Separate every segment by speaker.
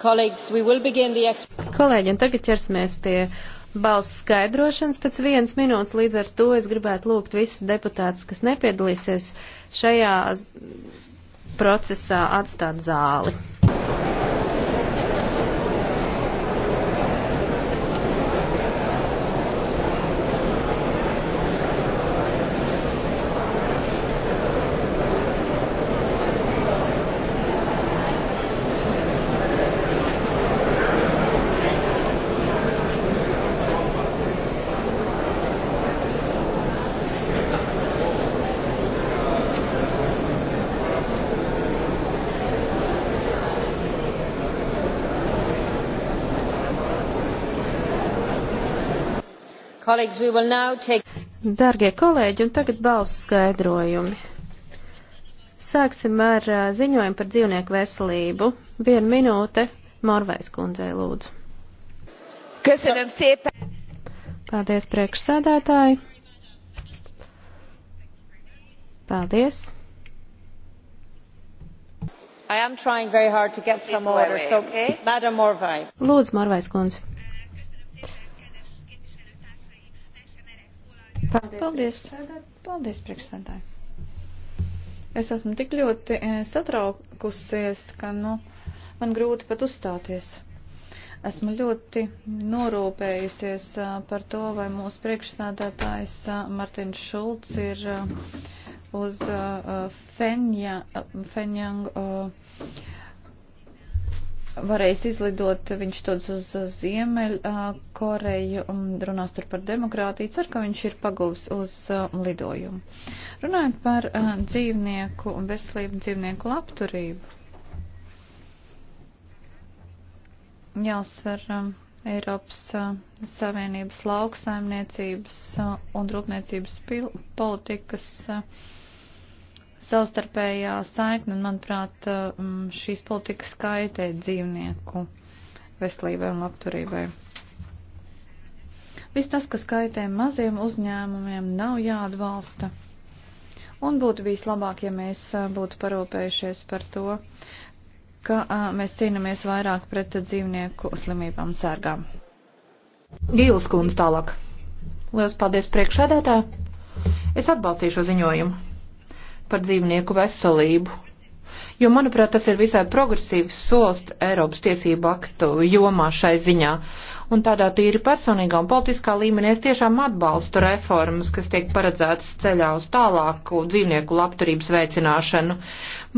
Speaker 1: Kolēģi,
Speaker 2: un tagad ķersimies pie balsu skaidrošanas pēc vienas minūtes. Līdz ar to es gribētu lūgt visus deputātus, kas nepiedalīsies šajā procesā, atstāt zāli. Take... Dargie kolēģi, un tagad balsu skaidrojumi. Sāksim ar ziņojumu par dzīvnieku veselību. Vienu minūte Morvais kundzei lūdzu. Köszönöm szépen! Paldies, priekšsēdētāji! Paldies!
Speaker 1: I am trying very hard to get some order, so okay? Madam Morvai.
Speaker 2: Lūdzu, Morvais
Speaker 3: kundze. Paldies. Paldies, Paldies priekšsēdētāji. Es esmu tik ļoti eh, satraukusies, ka, nu, man grūti pat uzstāties. Esmu ļoti norūpējusies eh, par to, vai mūsu priekšsādātājs eh, Martins Šulcs ir uz Fenja, Fenjangu varēs izlidot, viņš dodas uz Ziemeļkoreju un runās tur par demokrātiju. Cer, ka viņš ir pagūs uz lidojumu. Runājot par dzīvnieku un veselību dzīvnieku labturību. Jāsver Eiropas Savienības lauksaimniecības un rūpniecības politikas. Uh, savstarpējā saikne, un, manuprāt, um, šīs politikas kaitē dzīvnieku veselībai un labturībai. Viss tas, kas kaitē maziem uzņēmumiem, nav jāatbalsta. Un būtu bijis labāk, ja mēs uh, būtu parūpējušies par to, ka a, uh, mēs cīnāmies vairāk pret dzīvnieku slimībām sērgām. Gīles kundze
Speaker 1: tālāk. Lielas paldies priekšēdētā. Es atbalstīšu ziņojumu par dzīvnieku veselību. Jo, manuprāt, tas ir visai progresīvs solis Eiropas tiesību aktu jomā šai ziņā. Uh, un tādā tīri personīgā un politiskā līmenī es tiešām atbalstu reformas, kas tiek paredzētas ceļā uz tālāku dzīvnieku labturības veicināšanu.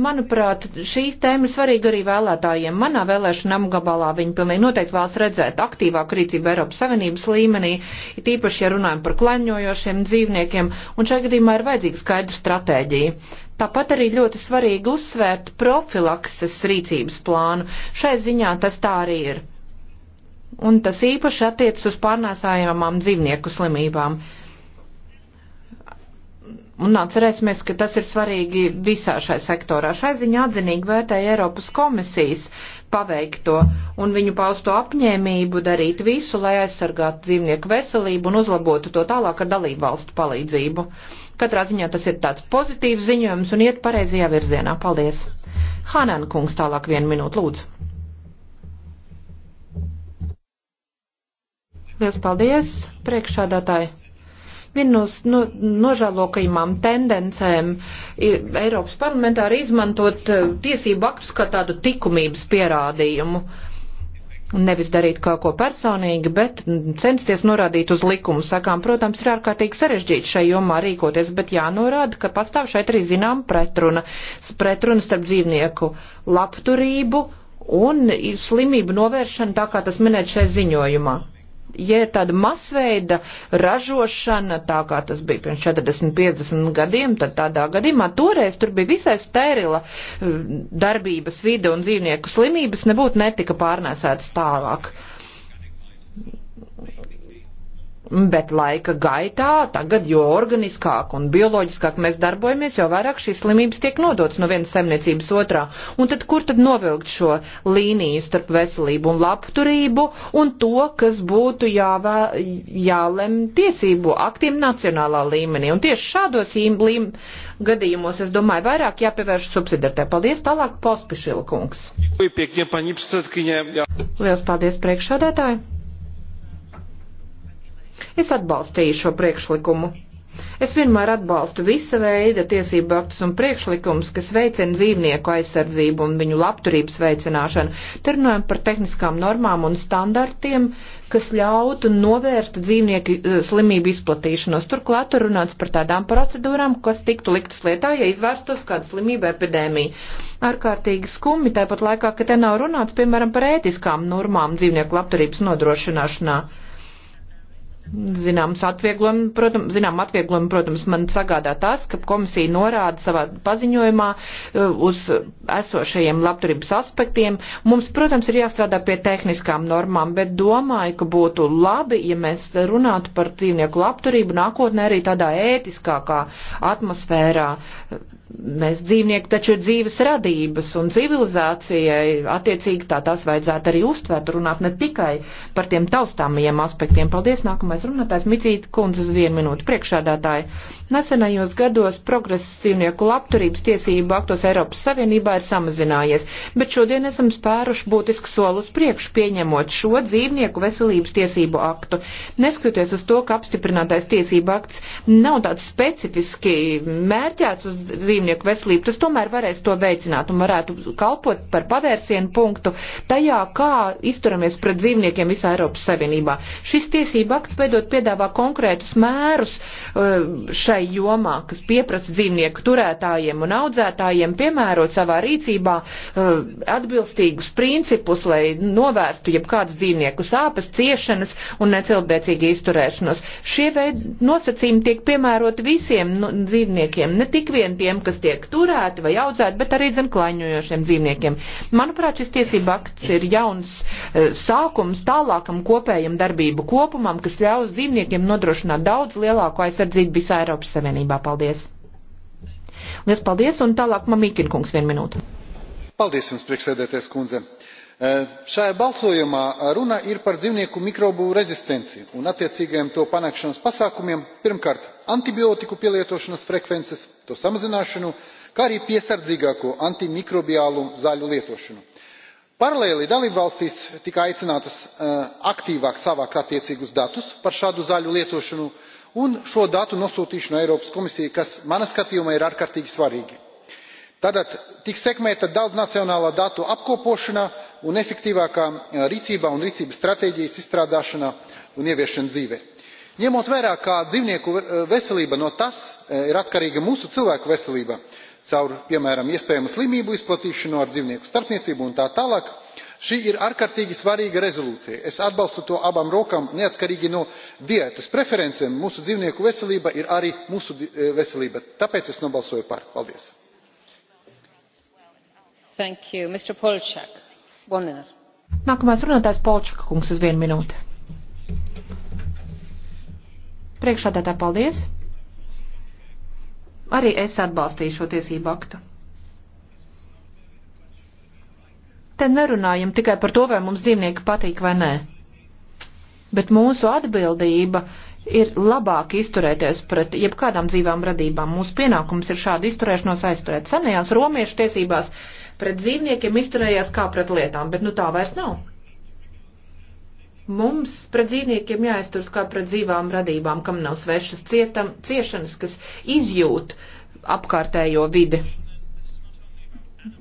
Speaker 1: Manuprāt, šīs tēmas ir svarīga arī vēlētājiem. Manā vēlēšana apgabalā viņi pilnīgi noteikti vēlas redzēt aktīvāku rīcību Eiropas Savienības līmenī, it īpaši, ja runājam par klaņojošiem dzīvniekiem, un šajā gadījumā ir vajadzīga skaidra stratēģija. Tāpat arī ļoti svarīgi uzsvērt profilakses rīcības plānu. Šai ziņā tas tā arī ir un tas īpaši attiecas uz pārnēsājumām dzīvnieku slimībām. Un atcerēsimies, ka tas ir svarīgi visā šai sektorā. Šai ziņā atzinīgi vērtēja Eiropas komisijas paveikto un viņu pausto apņēmību darīt visu, lai aizsargātu dzīvnieku veselību un uzlabotu to tālāk ar dalību valstu palīdzību. Katrā ziņā tas ir tāds pozitīvs ziņojums un iet pareizajā virzienā. Paldies! Hanan kungs tālāk vienu minūtu lūdzu. Liels paldies, priekšādātāji! viena no nu, nožēlokajām tendencēm Eiropas parlamentā ir izmantot eh, tiesību aktus kā tādu likumības pierādījumu. Nevis darīt kaut ko personīgi, bet censties norādīt uz likumu. Sakām, protams, ir ārkārtīgi sarežģīti šai jomā rīkoties, bet jānorāda, ka pastāv šeit arī zinām pretruna. Pretruna starp dzīvnieku labturību un slimību novēršanu, tā kā tas minēt šai ziņojumā ja ir tāda masveida ražošana, tā kā tas bija pirms 40, 50 gadiem, tad tādā gadījumā toreiz tur bija visai sterila eh, darbības vide un dzīvnieku slimības nebūtu netika pārnēsētas tālāk bet laika gaitā, tagad jo organiskāk un bioloģiskāk mēs darbojamies, jo vairāk šīs slimības tiek nodotas no vienas saimniecības otrā. Un tad kur tad novilkt šo līniju starp veselību un labturību un to, kas būtu jāvē, jālem tiesību aktiem nacionālā līmenī? Un tieši šādos līm gadījumos, es domāju, vairāk jāpievērš subsidiartē. Paldies tālāk, Pospišila kungs. Liels paldies priekšādētāji. Es atbalstīju šo priekšlikumu. Es vienmēr atbalstu visa veida tiesību aktus un priekšlikumus, kas veicina dzīvnieku aizsardzību un viņu labturības veicināšanu. Te runājam par tehniskām normām un standartiem, kas ļautu novērst dzīvnieku eh, slimību izplatīšanos. Turklāt tur runāts par tādām procedūrām, kas tiktu liktas lietā, ja izvērstos kāda slimība epidēmija. Ārkārtīgi skumi, tāpat laikā, ka te nav runāts, piemēram, par ētiskām normām dzīvnieku labturības nodrošināšanā Zināms atvieglojumu, protams, zinām, atvieglojumu, protams, man sagādā tas, ka komisija norāda savā paziņojumā uh, uz esošajiem labturības aspektiem. Mums, protams, ir jāstrādā pie tehniskām normām, bet domāju, ka būtu labi, ja mēs runātu par dzīvnieku labturību nākotnē arī tādā ētiskākā atmosfērā. Mēs dzīvnieki taču ir dzīves radības un civilizācijai attiecīgi tā tās vajadzētu arī uztvert, runāt ne tikai par tiem taustāmajiem aspektiem. Paldies, nākamais Nākamais runātājs Micīta kundze uz vienu minūtu priekšādātāja. Nesenajos gados progress dzīvnieku labturības tiesību aktos Eiropas Savienībā ir samazinājies, bet šodien esam spēruši būtisku soli uz priekšu pieņemot šo dzīvnieku veselības tiesību aktu. Neskatoties uz to, ka apstiprinātais tiesību akts nav tāds specifiski mērķēts uz dzīvnieku veselību, tas tomēr varēs to veicināt un varētu kalpot par pavērsienu punktu tajā, kā izturamies pret dzīvniekiem visā Eiropas Savienībā. Šis tiesība akts veidot piedāvā konkrētus mērus eh, šai jomā, kas pieprasa dzīvnieku turētājiem un audzētājiem piemērot savā rīcībā eh, atbilstīgus principus, lai novērstu jebkādas dzīvnieku sāpes, ciešanas un necilvēcīgi izturēšanos. Šie veidi nosacījumi tiek piemēroti visiem nu, dzīvniekiem, ne tik vien tiem, kas tiek turēti vai audzēti, bet arī zem klaņojošiem dzīvniekiem. Manuprāt, šis tiesība akts ir jauns e, sākums tālākam kopējam darbību kopumam, kas ļauj ļauj dzīvniekiem nodrošināt daudz lielāku aizsardzību visā Eiropas Savienībā. Paldies! Lies paldies un tālāk Mamīkin kungs vienu minūtu.
Speaker 4: Paldies jums, priekšsēdēties kundze. Eh, šajā balsojumā runa ir par dzīvnieku mikrobu rezistenci un attiecīgajiem to panākšanas pasākumiem, pirmkārt antibiotiku pielietošanas frekvences, to samazināšanu, kā arī piesardzīgāko antimikrobiālu zāļu lietošanu paralēli dalībvalstis tika aicinātas eh, aktīvāk savākt attiecīgus datus par šādu zāļu lietošanu un šo datu nosūtīšanu eiropas komisijai kas manā skatījumā ir ārkārtīgi svarīgi. tātad tiks sekmēta daudznacionālā datu apkopošana un efektīvākā eh, rīcība un rīcības stratēģijas izstrādāšana un ieviešana dzīvē. ņemot vērā ka dzīvnieku eh, veselība no tā ir atkarīga mūsu cilvēku veselība caur piemēram iespējamu slimību izplatīšanu ar dzīvnieku starpniecību un tā tālāk. šī ir ārkārtīgi svarīga rezolūcija. es atbalstu to abām rokām neatkarīgi no diētas preferencēm mūsu dzīvnieku veselība ir arī mūsu eh, veselība tāpēc es nobalsoju par. paldies!
Speaker 1: Nākamais runātājs Polčaka kungs uz vienu minūti. Priekšādātā paldies! Arī es atbalstīju šo tiesību aktu. Te nerunājam tikai par to, vai mums dzīvnieki patīk vai nē. Bet mūsu atbildība ir labāk izturēties pret jebkādām dzīvām radībām. Mūsu pienākums ir šādu izturēšanos aizturēt. Senajās romiešu tiesībās pret dzīvniekiem izturējās kā pret lietām, bet nu tā vairs nav. Mums pret dzīvniekiem jāizturas kā pret dzīvām radībām, kam nav svešas cietam, ciešanas, kas izjūt apkārtējo vidi.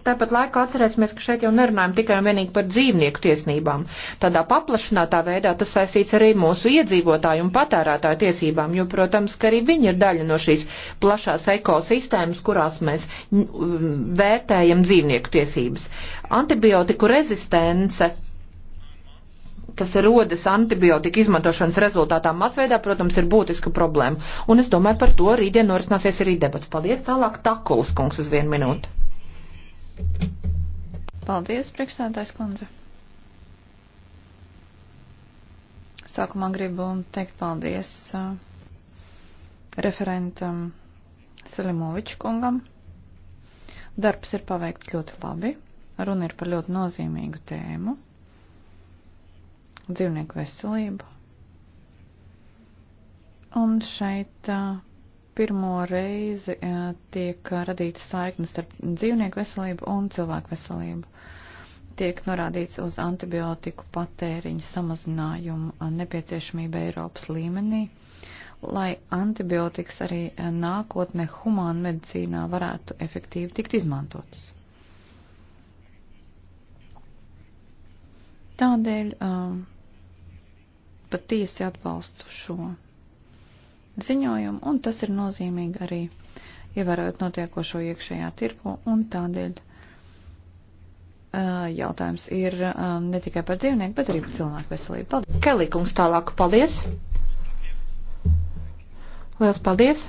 Speaker 1: Tāpat laikā atcerēsimies, ka šeit jau nerunājam tikai un vienīgi par dzīvnieku tiesībām. Tādā paplašinātā veidā tas saistīts arī mūsu iedzīvotāju un patērētāju tiesībām, jo, protams, ka arī viņi ir daļa no šīs plašās ekosistēmas, kurās mēs mm, vērtējam dzīvnieku tiesības. Antibiotiku rezistence kas rodas antibiotika izmantošanas rezultātā masveidā, protams, ir būtiska problēma. Un es domāju, par to rītdien norisināsies arī debats. Paldies, tālāk Takulas kungs uz vienu minūti.
Speaker 3: Paldies, priekšsēdētājs kundze. Sākumā gribu teikt paldies uh, referentam Selimoviču kungam. Darbs ir paveikts ļoti labi. Runa ir par ļoti nozīmīgu tēmu dzīvnieku veselību. Un šeit pirmo reizi tiek radīta saikne starp dzīvnieku veselību un cilvēku veselību. Tiek norādīts uz antibiotiku patēriņu samazinājumu nepieciešamību Eiropas līmenī, lai antibiotikas arī nākotnē humāna medicīnā varētu efektīvi tikt izmantotas. Tādēļ uh, patiesi atbalstu šo ziņojumu, un tas ir nozīmīgi arī ievērojot notiekošo iekšējā tirgu, un tādēļ uh, jautājums ir uh, ne tikai par dzīvnieku, bet arī par cilvēku veselību. Paldies!
Speaker 1: Kelīkums tālāk, paldies! Liels paldies!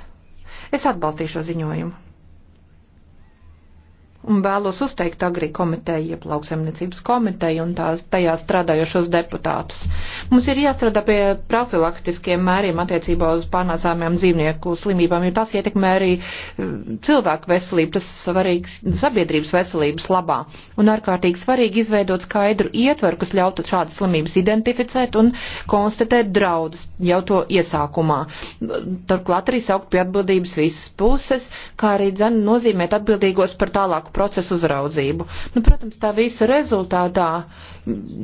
Speaker 1: Es atbalstīšu ziņojumu un vēlos uzteikt agrī komiteju, jeb lauksaimniecības komiteju un tās, tajā strādājošos deputātus. Mums ir jāstrādā pie profilaktiskiem mēriem attiecībā uz pārnāsāmiem dzīvnieku slimībām, jo tas ietekmē arī eh, cilvēku veselību, tas svarīgs sabiedrības veselības labā. Un ārkārtīgi svarīgi izveidot skaidru ietveru, kas ļautu šādas slimības identificēt un konstatēt draudus jau to iesākumā. Turklāt arī saukt pie atbildības visas puses, kā arī dzen nozīmēt atbildīgos par tālāku tālāku procesu uzraudzību. Nu, protams, tā visa rezultātā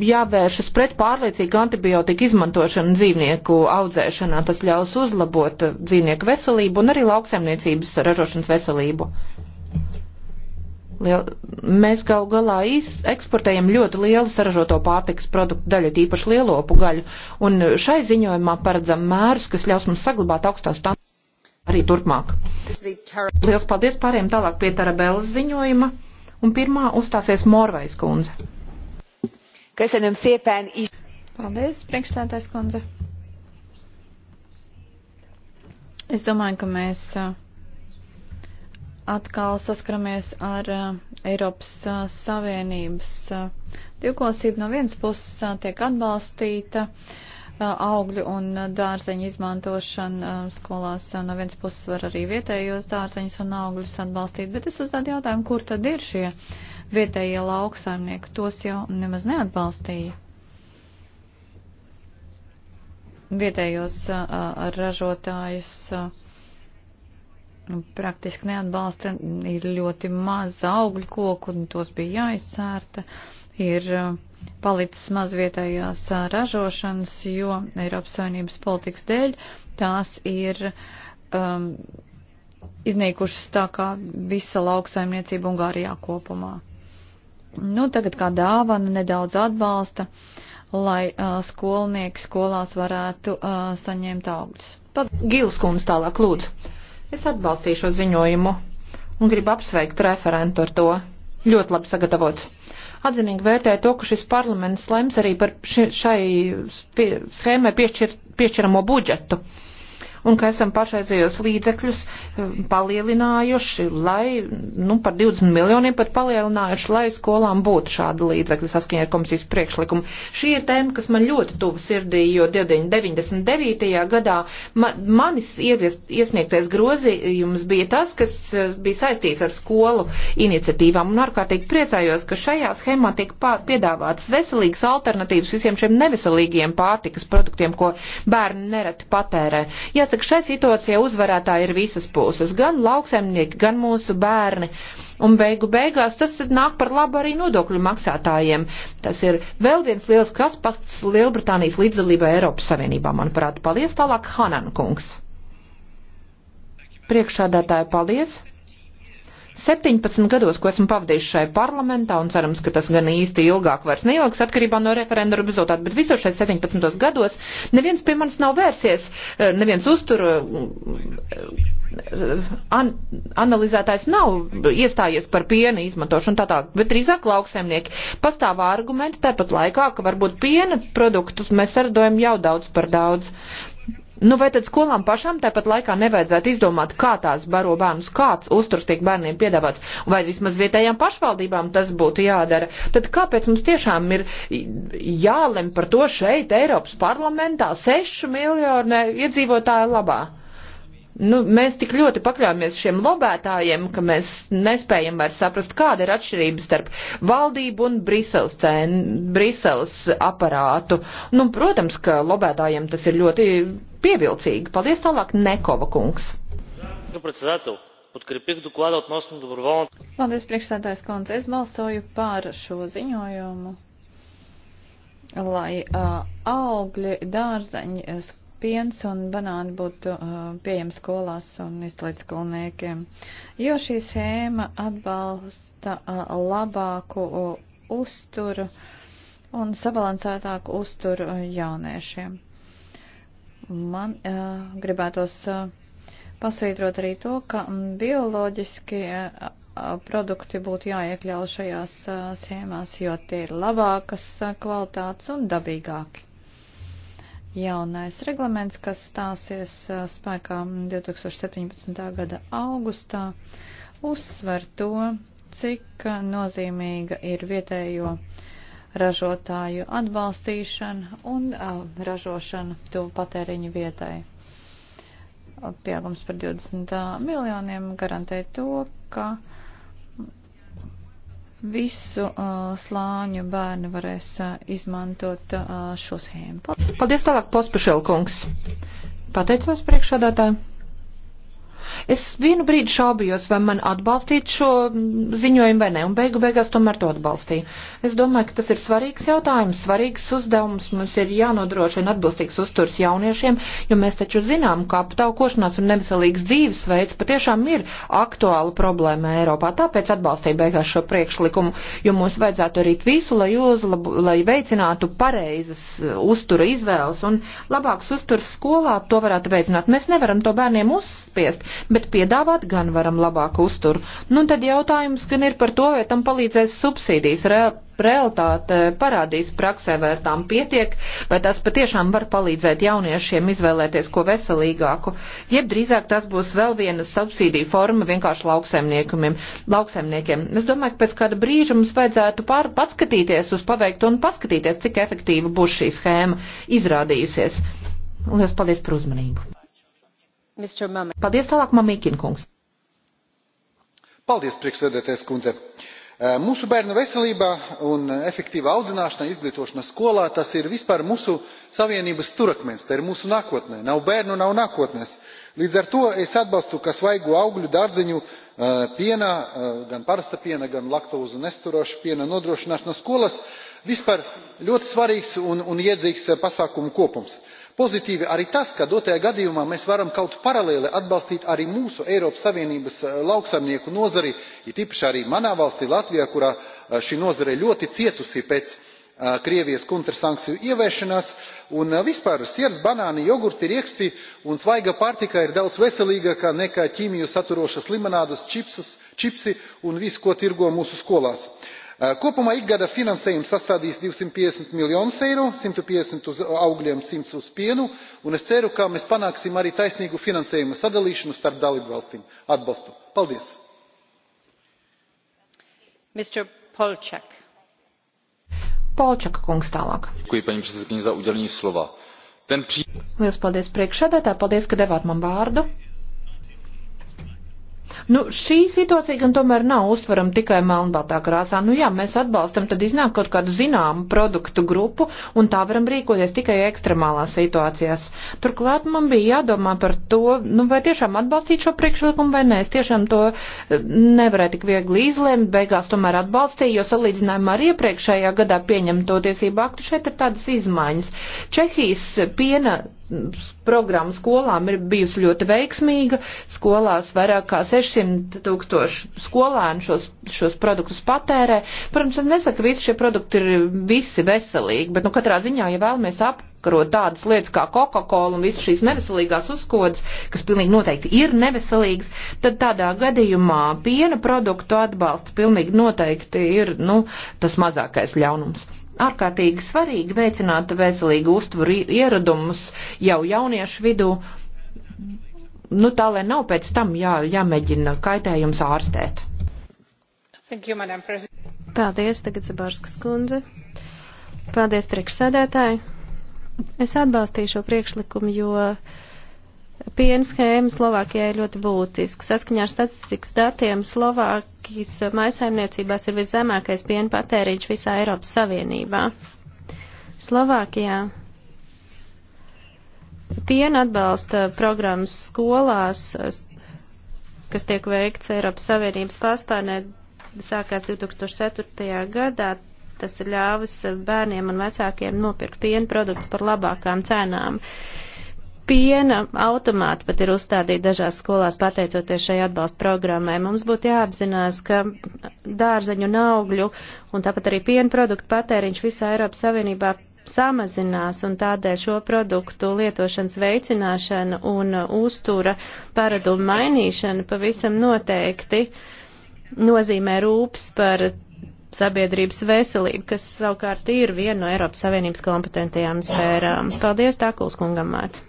Speaker 1: jāvēršas pret pārliecīgu antibiotiku izmantošanu dzīvnieku audzēšanā. Tas ļaus uzlabot dzīvnieku veselību un arī lauksaimniecības ražošanas veselību. Liel, mēs gal galā iz, eksportējam ļoti lielu saražoto pārtikas produktu daļu, tīpaši lielopu gaļu, un šai ziņojumā paredzam mērus, kas ļaus mums saglabāt augstā standarta arī turpmāk. Liels paldies pāriem tālāk pie Tarabēlas ziņojuma. Un pirmā uzstāsies Morvais kundze.
Speaker 3: Köszönöm szépen is. Paldies, priekšstādājs kundze. Es domāju, ka mēs uh, atkal saskaramies ar uh, Eiropas uh, Savienības divkosību. No vienas puses tiek atbalstīta. Uh, augļu un dārzeņu izmantošana skolās no vienas puses var arī vietējos dārzeņus un augļus atbalstīt, bet es uzdodu jautājumu, kur tad ir šie vietējie lauksaimnieki, tos jau nemaz neatbalstīja. Vietējos ražotājus nu, praktiski neatbalsta, ir ļoti maz augļu koku, un tos bija jāizsērta. Ir uh, palicis maz vietējās ražošanas, jo Eiropas Savienības politikas dēļ tās ir um, iznīkušas tā kā visa lauksaimniecība Ungārijā kopumā. Nu, tagad kā dāvana nedaudz atbalsta, lai uh, skolnieki skolās varētu uh, saņemt augļus.
Speaker 1: Gils kundze tālāk lūdzu. Es atbalstīšu ziņojumu un gribu apsveikt referentu ar to. Ļoti labi sagatavots atzinīgi vērtēju to, ka šis parlaments lems arī par ši, šai schēmai piešķir, piešķiramo budžetu. Uh, un ka esam pašreizējos līdzekļus eh, palielinājuši, lai, nu, par 20 miljoniem pat palielinājuši, lai skolām būtu šāda līdzekļa saskaņā ar komisijas priekšlikumu. Šī ir tēma, kas man ļoti tuva sirdī, jo 99. gadā man, manis ievies, iesniegtais grozījums bija tas, kas eh, bija saistīts ar skolu iniciatīvām, un ārkārtīgi priecājos, ka šajā schēmā tiek piedāvātas veselīgas alternatīvas visiem šiem neveselīgiem pārtikas produktiem, ko bērni nereti patērē. Ja Jāsaka, šai situācijā uzvarētāji ir visas puses - gan lauksaimnieki, gan mūsu bērni. Un beigu beigās tas nāk par labu arī nodokļu maksātājiem. Tas ir vēl viens liels kaspats Lielbritānijas līdzdalībā Eiropas Savienībā, manuprāt. Paldies tālāk, Hanan kungs. Priekšādātāja, paldies. 17 gados, ko esmu pavadījis šai parlamentā, un cerams, ka tas gan īsti ilgāk vairs neilgs atkarībā no referenduma rezultātu, bet visos šai 17 gados neviens pie manis nav vērsies, eh, neviens uztur eh, an, analizētājs nav iestājies par piena izmantošanu tā tālāk, bet drīzāk lauksaimnieki. Pastāv argumenti tāpat laikā, ka varbūt piena produktus mēs sardojam jau daudz par daudz. Nu, vai tad skolām pašām tāpat laikā nevajadzētu izdomāt, kā tās baro bērnus, kāds uzturs tiek bērniem piedāvāts, vai vismaz vietējām pašvaldībām tas būtu jādara? Tad kāpēc mums tiešām ir jālem par to šeit, Eiropas parlamentā, sešu miljonē iedzīvotāju labā? nu, mēs tik ļoti pakļāmies šiem lobētājiem, ka mēs nespējam vairs saprast, kāda ir atšķirība starp valdību un Briseles, cēn, Briseles aparātu. Nu, protams, ka lobētājiem tas ir ļoti pievilcīgi. Paldies tālāk, Nekova kungs.
Speaker 3: Paldies, priekšsēdājs kundze. Es balsoju par šo ziņojumu, lai uh, augļi, dārzeņi, piens un banāni būtu uh, pieejami skolās un izglītības skolniekiem, jo šī schēma atbalsta uh, labāku uh, uzturu un sabalansētāku uzturu uh, jauniešiem. Man uh, gribētos uh, pasvītrot arī to, ka um, bioloģiski uh, produkti būtu jāiekļauj šajās uh, schēmās, jo tie ir labākas uh, kvalitātes un dabīgāki jaunais reglaments, kas stāsies spēkā 2017. gada augustā, uzsver to, cik nozīmīga ir vietējo ražotāju atbalstīšana un uh, ražošana tuvu patēriņu vietai. Pieaugums par 20 miljoniem garantē to, ka uh, visu uh, slāņu bērni varēs uh, izmantot uh, šo schēmu. Paldies,
Speaker 1: Paldies tālāk, Pospišelkungs. Pateicos priekšādātājiem. Es vienu brīdi šaubījos, vai man atbalstīt šo ziņojumu vai nē, un beigu beigās tomēr to atbalstīju. Es domāju, ka tas ir svarīgs jautājums, svarīgs uzdevums. Mums ir jānodrošina atbilstīgs uzturs jauniešiem, jo mēs taču zinām, ka aptaukošanās un neveselīgs dzīvesveids patiešām ir aktuāla problēma Eiropā. Tāpēc atbalstīju beigās šo priekšlikumu, jo mums vajadzētu arī visu, lai, uzlabu, lai veicinātu pareizas uztura izvēles un labāks uzturs skolā to varētu veicināt. Mēs nevaram to bērniem uzspiest, bet piedāvāt gan varam labāku uzturu. Nu, tad jautājums gan ir par to, vai tam palīdzēs subsīdijas. Reāli realitāte parādīs praksē, vai ar tām pietiek, vai tas patiešām var palīdzēt jauniešiem izvēlēties ko veselīgāku, jeb drīzāk tas būs vēl viena subsīdija forma vienkārši lauksaimniekiem. Es domāju, ka pēc kāda brīža mums vajadzētu pār, paskatīties uz paveikto un paskatīties, cik efektīva būs šī schēma
Speaker 4: izrādījusies. Lielas paldies par uzmanību!
Speaker 1: Paldies tālāk, Mamīkina
Speaker 4: kungs. Paldies, priekšsēdētājs kundze. Mūsu bērnu veselība un efektīva audzināšana, izglītošana skolā, tas ir vispār mūsu savienības turakmens, tā ir mūsu nākotnē. Nav bērnu, nav nākotnes. Līdz ar to es atbalstu, ka svaigo augļu dārzeņu piena, gan parasta piena, gan laktūzu nesturoša piena nodrošināšana skolas vispār ļoti svarīgs un, un iedzīgs pasākumu kopums pozitīvi arī tas ka dotajā gadījumā mēs varam kaut paralēli atbalstīt arī mūsu eiropas savienības eh, lauksaimnieku nozari it īpaši arī manā valstī latvijā kurā eh, šī nozare ļoti cietusi pēc eh, krievijas kontrsankciju ieviešanas un vispār siers banāni jogurti rieksti un svaiga pārtika ir daudz veselīgāka nekā ķīmiju saturošas limonādes čipsi un viss ko tirgo mūsu skolās. Eh, kopumā ikgada finansējums sastādīs divsimt piecdesmit miljonus eiro simt piecdesmit uz augļiem simts uz pienu un es ceru ka mēs panāksim arī taisnīgu finansējuma sadalīšanu starp dalībvalstīm atbalstu. paldies!
Speaker 1: Liels paldies priekšsēdētāji, paldies, ka devāt man vārdu. Nu, šī situācija gan tomēr nav uztverama tikai melnbaltā krāsā. Nu jā, mēs atbalstam, tad iznāk kaut kādu zināmu produktu grupu, un tā varam rīkoties tikai ekstremālās situācijās. Turklāt man bija jādomā par to, nu vai tiešām atbalstīt šo priekšlikumu vai nē. Es tiešām to eh, nevarēju tik viegli izlēmt, beigās tomēr atbalstīju, jo salīdzinājumā ar iepriekšējā gadā pieņemto tiesību aktu šeit ir tādas izmaiņas. Čehijas piena programma skolām ir bijusi ļoti veiksmīga. Skolās vairāk kā 600 tūkstoši skolēnu šos, šos produktus patērē. Protams, es nesaku, ka visi šie produkti ir visi veselīgi, bet nu katrā ziņā, ja vēlamies ap apkarot tādas lietas kā Coca-Cola un visas šīs neveselīgās uzkodas, kas pilnīgi noteikti ir neveselīgas, tad tādā gadījumā piena produktu atbalsta pilnīgi noteikti ir nu, tas mazākais ļaunums ārkārtīgi svarīgi veicināt veselīgu uztvaru ieradumus jau jauniešu vidū, nu tā, lai nav pēc tam jā, jāmēģina kaitējums ārstēt. Thank you, Paldies,
Speaker 2: tagad Zabārskas kundze. Paldies, priekšsēdētāji. Es atbalstīju šo priekšlikumu, jo Piena schēma Slovākijai ir ļoti būtiska. Saskaņā ar statistikas datiem Slovākijas maisaimniecībās ir viszemākais piena patēriņš visā Eiropas Savienībā. Slovākijā piena atbalsta programmas skolās, kas tiek veikts Eiropas Savienības pārspārnē, sākās 2004. gadā. Tas ir ļāvis bērniem un vecākiem nopirkt piena produktus par labākām cenām. Uh, piena automāti pat ir uzstādīti dažās skolās pateicoties šai atbalsta programmai. Mums būtu jāapzinās, ka dārzeņu un augļu un tāpat arī piena produktu patēriņš visā Eiropas Savienībā samazinās un tādēļ šo produktu lietošanas veicināšana un uztura paradumu mainīšana pavisam noteikti nozīmē rūps par sabiedrības veselību, kas savukārt ir viena no Eiropas Savienības kompetentajām sfērām. Paldies, Takuls kungam, māc!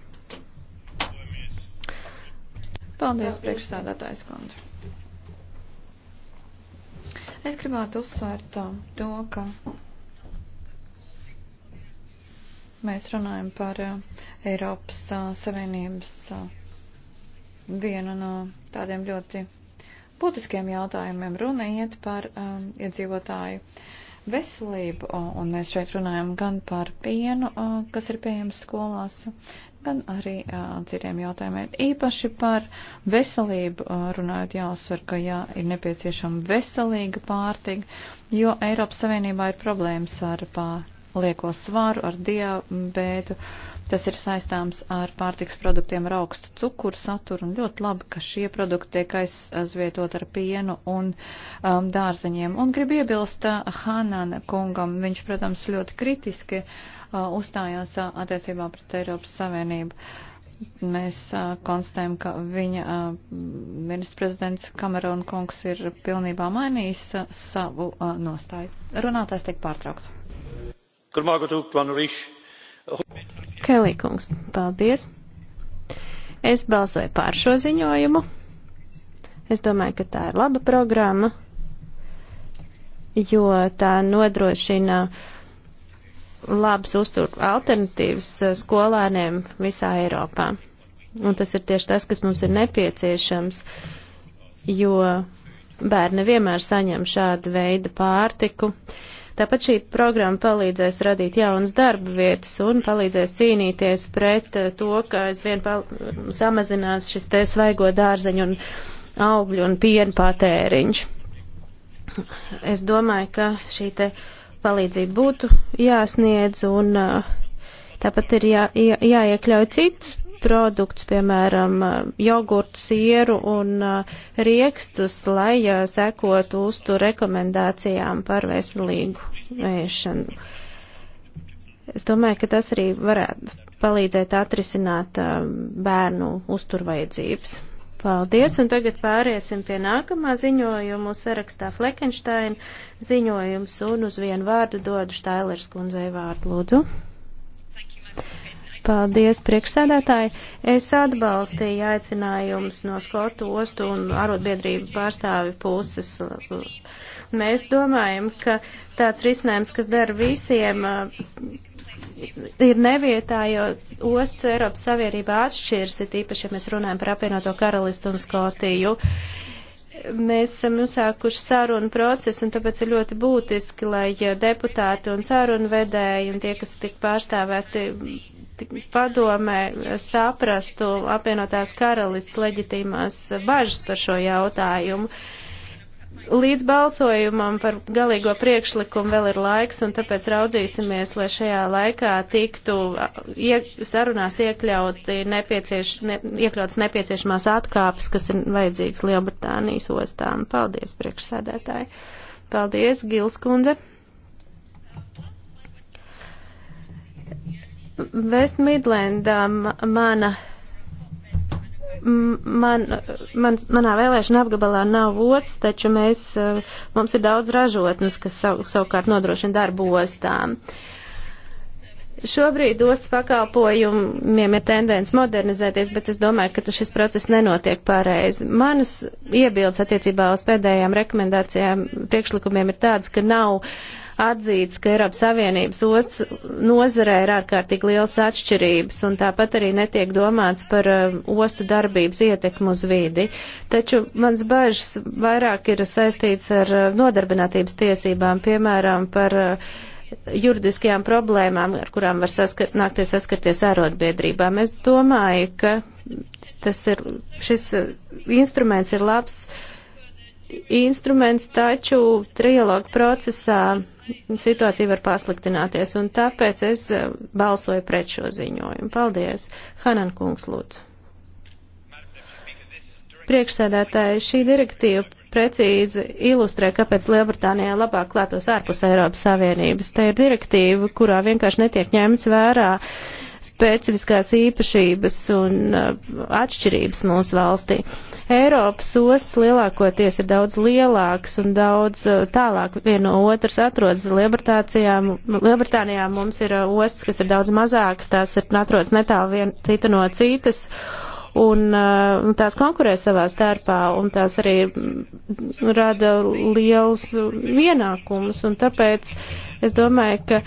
Speaker 3: Paldies, priekšsēdētājs kundze. Es gribētu uzsvērt um, to, ka mēs runājam par uh, Eiropas uh, Savienības uh, vienu no tādiem ļoti būtiskiem jautājumiem. Runa iet par um, iedzīvotāju veselību, un mēs šeit runājam gan par pienu, uh, kas ir pieejams skolās, gan arī uh, citiem jautājumiem. Īpaši par veselību uh, runājot jāuzsver, ka jā, ir nepieciešama veselīga pārtiga, jo Eiropas Savienībā ir problēmas ar pārlieko svaru, ar diabētu, Tas ir saistāms ar pārtiks produktiem ar augstu cukuru saturu un ļoti labi, ka šie produkti tiek aizvietot ar pienu un um, dārzeņiem. Un grib iebilst uh, Hanana kungam, viņš, protams, ļoti kritiski uh, uzstājās uh, attiecībā pret Eiropas Savienību. Mēs uh, konstatējam, ka viņa uh, ministrs prezidents Kamerona kungs ir pilnībā mainījis uh, savu uh, nostāju. Runātājs tiek pārtraukts.
Speaker 5: Kur māgu tūkt, man rīši?
Speaker 2: Kelī kungs, paldies. Es balsoju pār šo ziņojumu. Es domāju, ka tā ir laba programma, jo tā nodrošina labs uztur alternatīvas uh, skolāniem visā Eiropā. Un tas ir tieši tas, kas mums ir nepieciešams, jo bērni vienmēr saņem šādu veidu pārtiku. Uh, Tāpat šī programma palīdzēs radīt jaunas darba vietas un palīdzēs cīnīties pret eh, to, ka aizvien samazinās šis te svaigo dārzeņu un augļu un pienu patēriņš. Es domāju, ka šī te palīdzība būtu jāsniedz un eh, tāpat ir jā, jā, jāiekļauj citas produkts, piemēram, jogurtu, sieru un eh, riekstus, lai eh, sekotu uztu rekomendācijām par veselīgu ēšanu. Es domāju, ka tas arī varētu palīdzēt atrisināt eh, bērnu uzturvajadzības. Paldies, un tagad pāriesim pie nākamā ziņojuma. Sarakstā Fleckensteina ziņojums, un uz vienu vārdu dodu Štailers kundzei vārdu, lūdzu. Paldies, priekšsēdētāji. Es atbalstīju aicinājumus no Skotu ostu un arotbiedrību pārstāvi puses. Mēs domājam, ka tāds risinājums, kas dara visiem, ir nevietā, jo osts Eiropas Savienībā atšķirs, ir īpaši, ja mēs runājam par apvienoto karalistu un Skotiju mēs esam uzsākuši sarunu procesu, un tāpēc ir ļoti būtiski, lai deputāti un sarunu vedēji un tie, kas tik pārstāvēti padomē saprastu apvienotās karalists leģitīmās bažas par šo jautājumu. Līdz balsojumam par galīgo priekšlikumu vēl ir laiks, un tāpēc raudzīsimies, lai šajā laikā tiktu ie, sarunās iekļauti nepiecieš, ne, iekļauts nepieciešamās atkāpes, kas ir vajadzīgas Lielbritānijas ostām. Paldies, priekšsēdētāji. Paldies, Gils kundze. West Midlendā mana, man, man, manā vēlēšana apgabalā nav ots, taču mēs, mums ir daudz ražotnes, kas sav, savukārt nodrošina darbu ostām. Šobrīd ostas pakalpojumiem ir tendence modernizēties, bet es domāju, ka šis process nenotiek pareizi. Manas iebildes attiecībā uz pēdējām rekomendācijām priekšlikumiem ir tādas, ka nav uh, atzīts, ka Eiropas Savienības ostas nozarē ir ārkārtīgi liels atšķirības, un tāpat arī netiek domāts par uh, ostu darbības ietekmu uz vidi. Taču mans bažas vairāk ir saistīts ar uh, nodarbinātības tiesībām, piemēram, par uh, juridiskajām problēmām, ar kurām var saskar, nākties saskarties ārotbiedrībām. Es domāju, ka tas ir, šis instruments ir labs instruments, taču trialogu procesā situācija var pasliktināties, un tāpēc es eh, balsoju pret šo ziņojumu. Paldies. Hanan kungs, lūdzu. Priekšsēdētāji, šī direktīva precīzi ilustrē, kāpēc Lielbritānijā labāk klātos ārpus Eiropas Savienības. Te ir direktīva, kurā vienkārši netiek ņemts vērā uh, specifiskās īpašības un uh, atšķirības mūsu valstī. Eiropas ostas lielākoties ir daudz lielāks un daudz uh, tālāk vien no otras atrodas. Lielbritānijā mums ir uh, ostas, kas ir daudz mazākas, tās ir atrodas netālu vien cita no citas un uh, tās konkurē savā starpā, un tās arī mm, rada liels ienākumus, un tāpēc es domāju, ka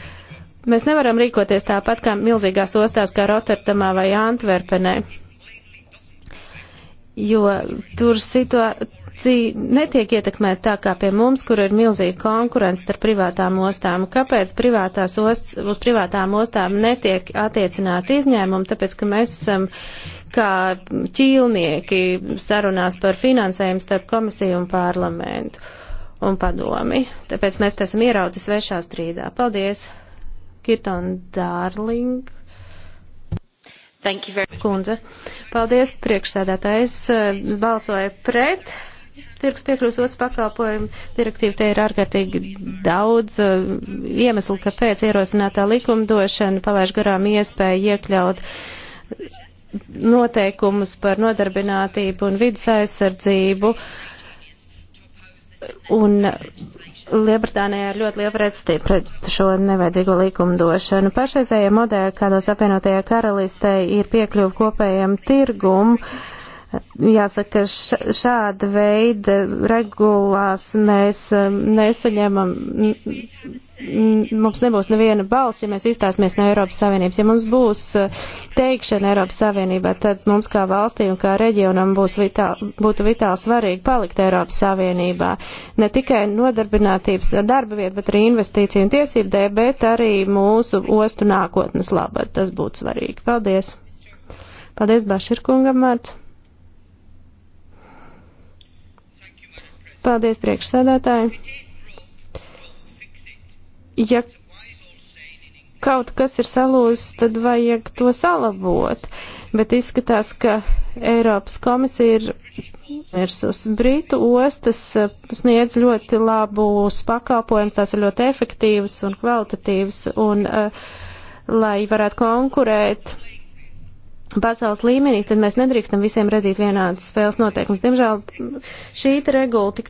Speaker 2: Mēs nevaram rīkoties tāpat kā milzīgās ostās kā Rotterdamā vai Antverpenē, jo tur situācija netiek ietekmēta tā kā pie mums, kur ir milzīga konkurence starp privātām ostām. Kāpēc privātās osts, uz privātām ostām netiek attiecināti izņēmumi? Tāpēc, ka mēs esam kā ķīlnieki sarunās par finansējumu starp komisiju un parlamentu un padomi. Tāpēc mēs esam ierauti svešā strīdā. Paldies! Kirtona Dārling. Kundze. Paldies, priekšsēdētājs. Eh, balsoju pret tirgus piekļuvas otrs pakalpojumu direktīva, te ir ārkārtīgi daudz eh, iemeslu, kāpēc ierosinātā likumdošana palaiž garām iespēju iekļaut noteikumus par nodarbinātību un vidas aizsardzību. Un Lielbritānijā ir ļoti liela pretestība pret šo nevajadzīgo likumdošanu. Pašreizējie modeļi, kādos apvienotajā karalistē ir piekļuva kopējiem tirgumu, uh, Jāsaka, šāda veida regulās mēs um, nesaņemam, mums nebūs neviena balss, ja mēs izstāsimies no Eiropas Savienības. Ja mums būs uh, teikšana Eiropas Savienībā, tad mums kā valstī un kā reģionam būs vitāli, būtu vitāli svarīgi palikt Eiropas Savienībā. Ne tikai nodarbinātības darba vieta, bet arī investīcija un tiesība dēļ, bet arī mūsu ostu nākotnes labad. Tas būtu svarīgi. Paldies! Paldies Baširkungam, Mārts! Paldies, priekšsēdētāji. Ja kaut kas ir salūzis, tad vajag to salabot. Bet izskatās, ka Eiropas komisija ir versus Britu ostas sniedz ļoti labus pakalpojumus, tās ir ļoti efektīvas un kvalitatīvas, un uh, lai varētu konkurēt pasaules līmenī, tad mēs nedrīkstam visiem redzīt vienādas spēles noteikumus. Diemžēl šī regula tik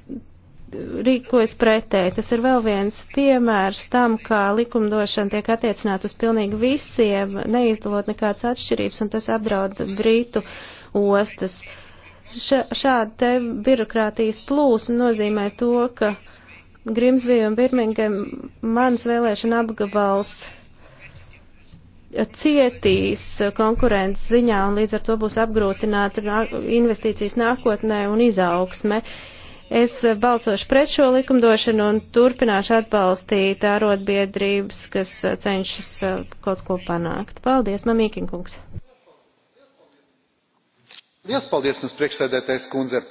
Speaker 2: rīkojas pretēji. Tas ir vēl viens piemērs tam, kā likumdošana tiek attiecināt uz pilnīgi visiem, neizdalot nekādas atšķirības, un tas apdraud Brītu ostas. Ša, šāda te birokrātijas plūsma nozīmē to, ka Grimsvija un Birmingham mans vēlēšana apgabals cietīs konkurences ziņā un līdz ar to būs apgrūtināta investīcijas nākotnē un izaugsme. Es balsošu pret šo likumdošanu un turpināšu atbalstīt arotbiedrības, kas cenšas uh, kaut ko panākt. Paldies, mamīkinkungs.
Speaker 4: Liels paldies mums priekšsēdētājs kundze.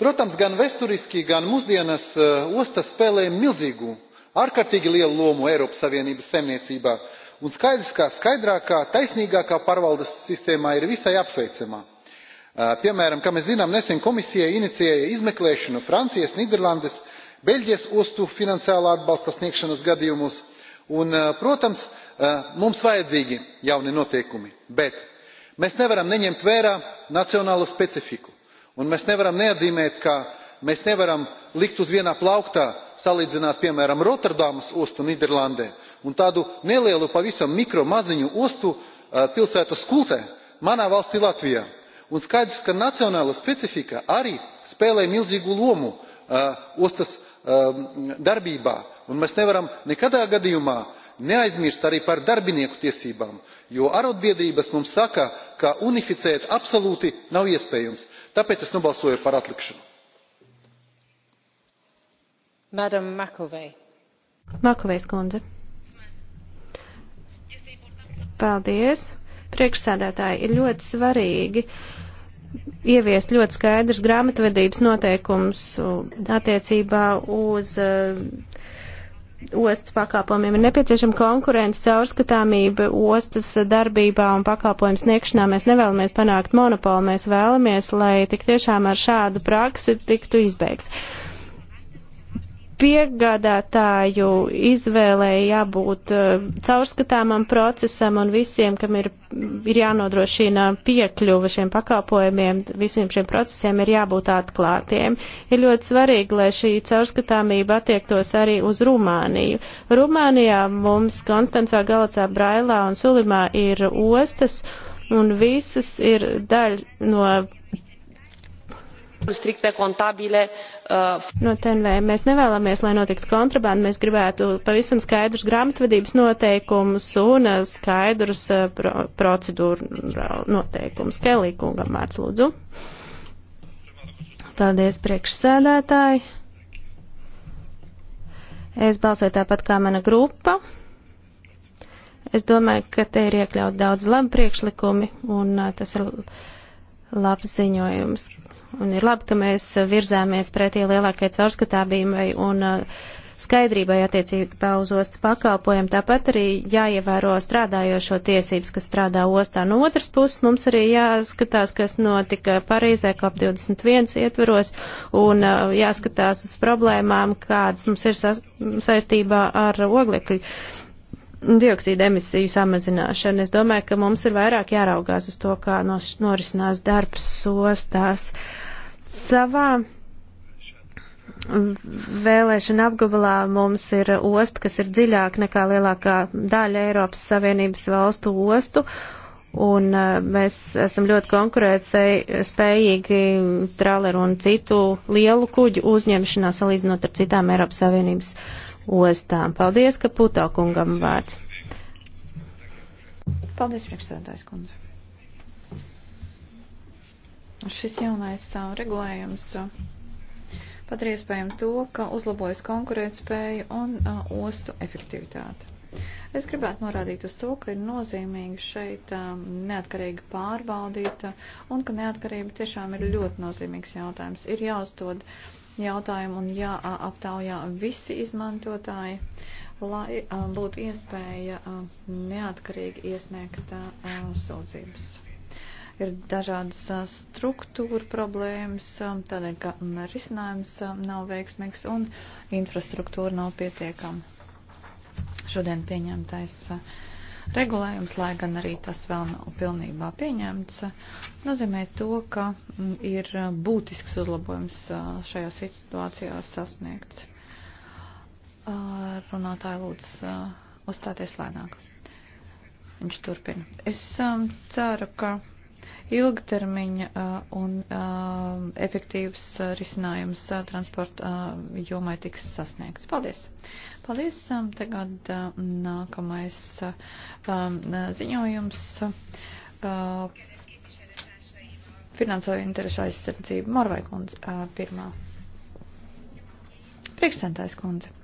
Speaker 4: Protams, gan vēsturiski, gan mūsdienas uh, ostas spēlē milzīgu, ārkārtīgi lielu lomu Eiropas Savienības saimniecībā un skaidrs ka skaidrākā taisnīgākā pārvaldes sistēma ir visai apsveicama. piemēram kā mēs zinām nesen komisija inicijēja izmeklēšanu francijas nīderlandes beļģijas ostu finansiālā atbalsta sniegšanas gadījumos un protams mums vajadzīgi jauni noteikumi bet mēs nevaram neņemt vērā nacionālo specifiku un mēs nevaram neatzīmēt ka mēs nevaram likt uz viena plaukta salīdzināt piemēram rotterdamas ostu nīderlandē un tādu nelielu pavisam mikro maziņu ostu pilsētas kultē manā valstī latvijā un skaidrs ka nacionāla specifika arī spēlē milzīgu lomu ostas darbībā un mēs nevaram nekādā gadījumā neaizmirst arī par darbinieku tiesībām jo arotbiedrības mums saka ka unificēt absolūti nav iespējams. tāpēc es nobalsoju par atlikšanu.
Speaker 2: makovejas kundze Paldies! Priekšsēdētāji ir ļoti svarīgi ieviest ļoti skaidrs grāmatvedības noteikums uh, attiecībā uz uh, ostas pakāpojumiem ir nepieciešama konkurence, caurskatāmība ostas darbībā un pakāpojumu sniegšanā. Mēs nevēlamies panākt monopolu, mēs vēlamies, lai tik tiešām ar šādu praksi tiktu izbeigts. Uh, piegādātāju izvēlēji jābūt eh, caurskatāmam procesam un visiem, kam ir, ir jānodrošina piekļuva šiem pakalpojumiem, visiem šiem procesiem ir jābūt atklātiem. Ir ļoti svarīgi, lai šī caurskatāmība attiektos arī uz Rumāniju. Rumānijā mums Konstancā, Galacā, Brailā un Sulimā ir ostas un visas ir daļa no strikte kontabile. Uh... No nu, tenvē mēs nevēlamies, lai notiktu kontrabanda, mēs gribētu pavisam skaidrus grāmatvedības noteikumus un uh, skaidrus uh, pro procedūru noteikumus. Kelī kungam vārds lūdzu. Paldies priekšsēdētāji. Es balsoju tāpat kā mana grupa. Es domāju, ka te ir iekļaut daudz labu priekšlikumi, un uh, tas ir labs ziņojums. Un ir labi, ka mēs virzāmies pretī lielākai caurskatābībai un uh, skaidrībai attiecībā uz ostas pakalpojumu. Tāpat arī jāievēro strādājošo tiesības, kas strādā ostā. No otras puses mums arī jāskatās, kas notika Parīzē COP21 ietveros un uh, jāskatās uz problēmām, kādas mums ir saistībā ar oglekļu dioksīda emisiju samazināšana. Es domāju, ka mums ir vairāk jāraugās uz to, kā nos, norisinās darbs sostās. Savā vēlēšana apgabalā mums ir osta, kas ir dziļāk nekā lielākā daļa Eiropas Savienības valstu ostu. Un uh, mēs esam ļoti konkurētsei spējīgi trāleru un citu lielu kuģu uzņemšanā salīdzinot ar citām Eiropas Savienības valstīm ostām. Paldies, ka Puto kungam vārds.
Speaker 3: Paldies, priekšsēdājs kundze. Šis jaunais uh, regulējums uh, pat ir iespējams to, ka uzlabojas konkurētspēja un uh, ostu efektivitāte. Es gribētu norādīt uz to, ka ir nozīmīgi šeit neatkarīgi pārbaudīt un ka neatkarība tiešām ir ļoti nozīmīgs jautājums. Ir jāuzdod uh, jautājumu un jāaptaujā visi izmantotāji, lai būtu iespēja neatkarīgi iesniegt sūdzības ir dažādas struktūra problēmas, tādēļ, ka risinājums nav veiksmīgs un infrastruktūra nav pietiekama. Šodien pieņemtais uh, regulējums, lai gan arī tas vēl nav pilnībā pieņemts, nozīmē to, ka mm, ir uh, būtisks uzlabojums uh, šajā situācijā sasniegts. Uh, runātāja lūdzu uzstāties lēnāk. Viņš turpina. Es um, ceru, ka ilgtermiņa un efektīvs risinājums transporta jomai tiks sasniegts. Paldies! Paldies! Tagad nākamais ziņojums. Finansēju interešu aizsardzību. Morvai kundze pirmā. Priekšsēdājas kundze.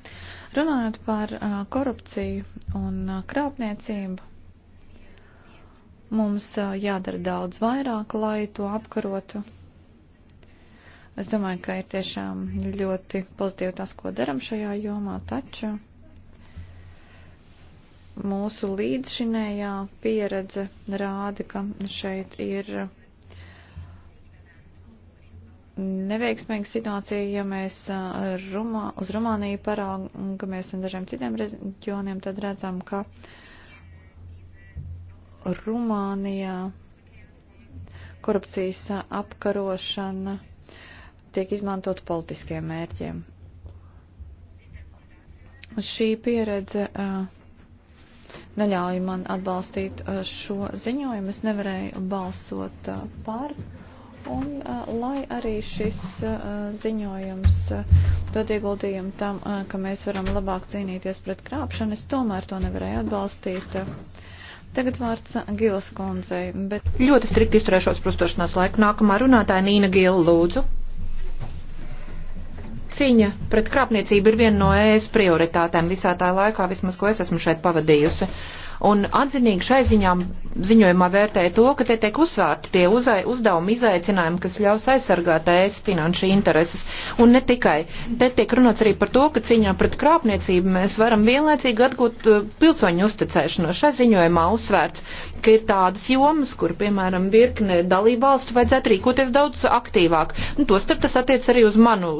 Speaker 3: Runājot par korupciju un krāpniecību, Mums jādara daudz vairāk, lai to apkarotu. Es domāju, ka ir tiešām ļoti pozitīvi tas, ko daram šajā jomā, taču mūsu līdzšinējā pieredze rāda, ka šeit ir neveiksmīga situācija, ja mēs rumā, uz Rumāniju paraugamies un dažiem citiem reģioniem, tad redzam, ka uh, Rumānijā korupcijas apkarošana tiek izmantot politiskiem mērķiem. Šī pieredze neļauj man atbalstīt šo ziņojumu. Es nevarēju balsot par. Un, lai arī šis ziņojums dod ieguldījumu tam, ka mēs varam labāk cīnīties pret krāpšanu, es tomēr to nevarēju atbalstīt. Tagad vārds Gilas kundzei,
Speaker 1: bet... Ļoti strikt izturēšos prostošanās laiku. Nākamā runātāja Nīna Gila lūdzu. Cīņa pret krāpniecību ir viena no ES prioritātēm visā tā laikā, vismaz ko es esmu šeit pavadījusi. Un atzinīgi šai ziņām ziņojumā vērtēja to, ka te tiek uzsvērti tie uzai, uzdevumi, izaicinājumi, kas ļaus aizsargāt ES finanšu intereses. Un ne tikai. Te tiek runāts arī par to, ka cīņā pret krāpniecību mēs varam vienlaicīgi atgūt uh, pilsoņu uzticēšanos. Šai ziņojumā uzsvērts, ka ir tādas jomas, kur, piemēram, virkne dalībvalstu vajadzētu rīkoties daudz aktīvāk. Un to starp tas attiec arī uz manu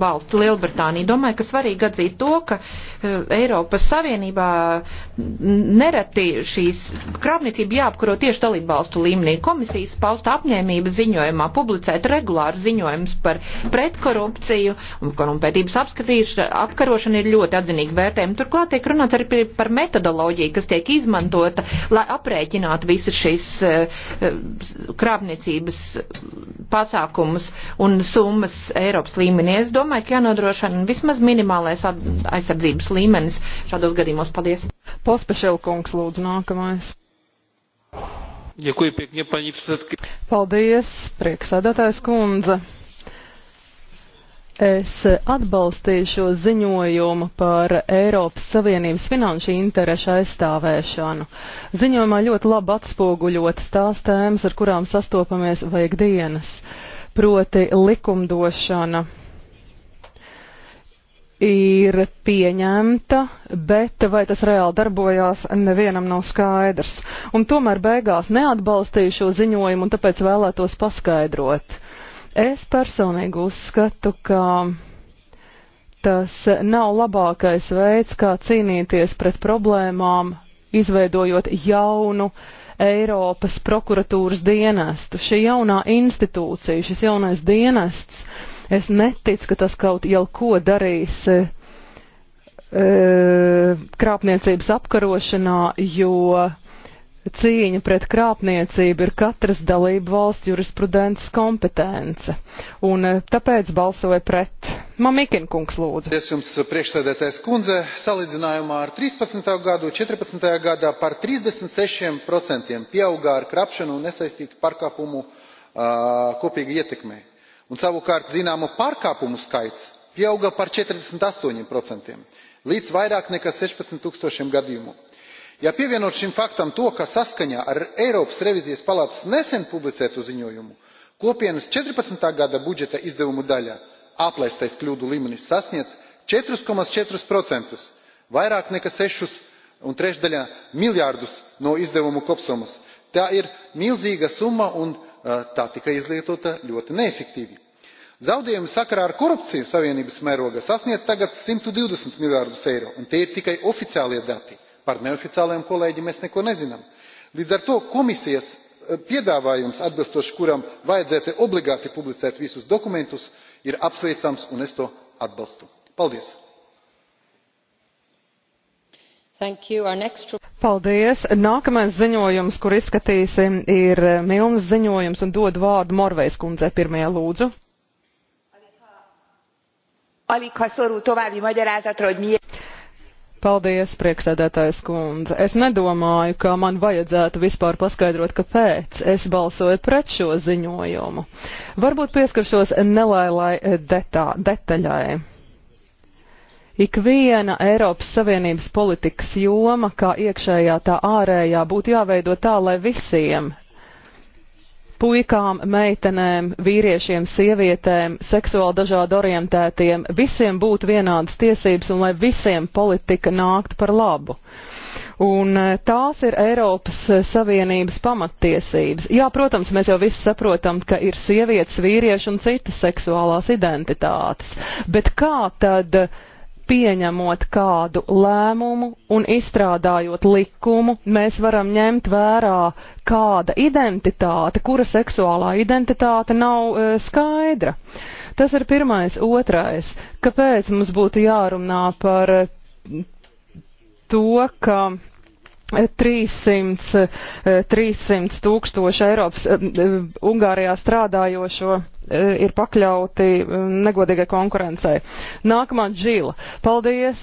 Speaker 1: valsti Lielbritāniju. Domāju, ka svarīgi atzīt to, ka uh, Eiropas Savienībā nereti šīs krāpniecība jāapkaro tieši dalību valstu līmenī. Komisijas pausta apņēmība ziņojumā publicēt regulāru ziņojumus par pretkorupciju un korumpētības apkarošanu ir ļoti atzinīgi vērtējumi. Turklāt tiek runāts arī par metodoloģiju, kas tiek izmantota, lai aprēķinātu visas šīs eh, krāpniecības pasākumus un summas Eiropas līmenī. Es domāju, ka jānodrošina vismaz minimālais aizsardzības līmenis šādos
Speaker 5: gadījumos. Paldies! Pospešelkungs lūdzu nākamais. Paldies, prieksēdētājs kundze. Es atbalstīju šo ziņojumu par Eiropas Savienības finanšu interešu aizstāvēšanu. Ziņojumā ļoti labi atspoguļotas tās tēmas, ar kurām sastopamies vajag dienas, proti likumdošana, ir pieņemta, bet vai tas reāli darbojās, nevienam nav skaidrs. Un tomēr beigās neatbalstīju šo ziņojumu un tāpēc vēlētos paskaidrot. Es personīgi uzskatu, ka tas nav labākais veids, kā cīnīties pret problēmām, izveidojot jaunu Eiropas prokuratūras dienestu. Šī jaunā institūcija, šis jaunais dienests Es neticu, ka tas kaut jau ko darīs e, e, krāpniecības apkarošanā, jo cīņa pret krāpniecību ir katras dalību valsts jurisprudences kompetence. Un e, tāpēc balsoja pret.
Speaker 4: Mamikina kungs lūdzu. Es jums priekšsēdētais kundze salīdzinājumā ar 13. gadu 14. gadā par 36% pieaugā ar krapšanu un nesaistītu parkāpumu uh, kopīgi ietekmē un savukārt zināmo pārkāpumu skaits pieauga par četrdesmit astoņiem līdz vairāk nekā sešpadsmit tūkstošiem gadījumu. ja pievienot šim faktam to ka saskaņā ar eiropas revīzijas palātas nesen publicēto ziņojumu kopienas četrpadsmit gada budžeta izdevumu daļā aplaistais kļūdu līmenis sasniedz četri četri vairāk nekā sešus un trešdaļa miljārdus no izdevumu kopsumas tā ir milzīga summa un Eh, tā tika izlietota ļoti neefektīvi. zaudējumi sakarā ar korupciju savienības mērogā sasniedz tagad simt divdesmit miljardus eiro un tie ir tikai oficiālie dati par neoficiāliem kolēģi mēs neko nezinām. līdz ar to komisijas eh, piedāvājums atbilstoši kuram vajadzētu obligāti publicēt visus dokumentus ir apsveicams un es to atbalstu. paldies!
Speaker 5: Next... Paldies! Nākamais ziņojums, kur izskatīsim, ir eh, Milnas ziņojums un dod vārdu Morvejas kundzē pirmajā lūdzu. Paldies, priekšsēdētājs kundze. Es nedomāju, ka man vajadzētu vispār paskaidrot, kāpēc es balsoju pret šo ziņojumu. Varbūt pieskaršos nelailai eh, detā, detaļai. Ikviena Eiropas Savienības politikas joma, kā iekšējā, tā ārējā, būtu jāveido tā, lai visiem puikām, meitenēm, vīriešiem, sievietēm, seksuāli dažādi orientētiem, visiem būtu vienādas tiesības un lai visiem politika nāktu par labu. Un eh, tās ir Eiropas eh, Savienības pamattiesības. Jā, protams, mēs jau visi saprotam, ka ir sievietes, vīrieši un citas seksuālās identitātes. Bet kā tad uh, pieņemot kādu lēmumu un izstrādājot likumu, mēs varam ņemt vērā, kāda identitāte, kura seksuālā identitāte nav e, skaidra. Tas ir pirmais. Otrais, kāpēc mums būtu jārunā par to, ka 300, 300 eh, tūkstoši Eiropas eh, eh, Ungārijā strādājošo ir pakļauti negodīgai konkurencei. Nākamā džila. Paldies!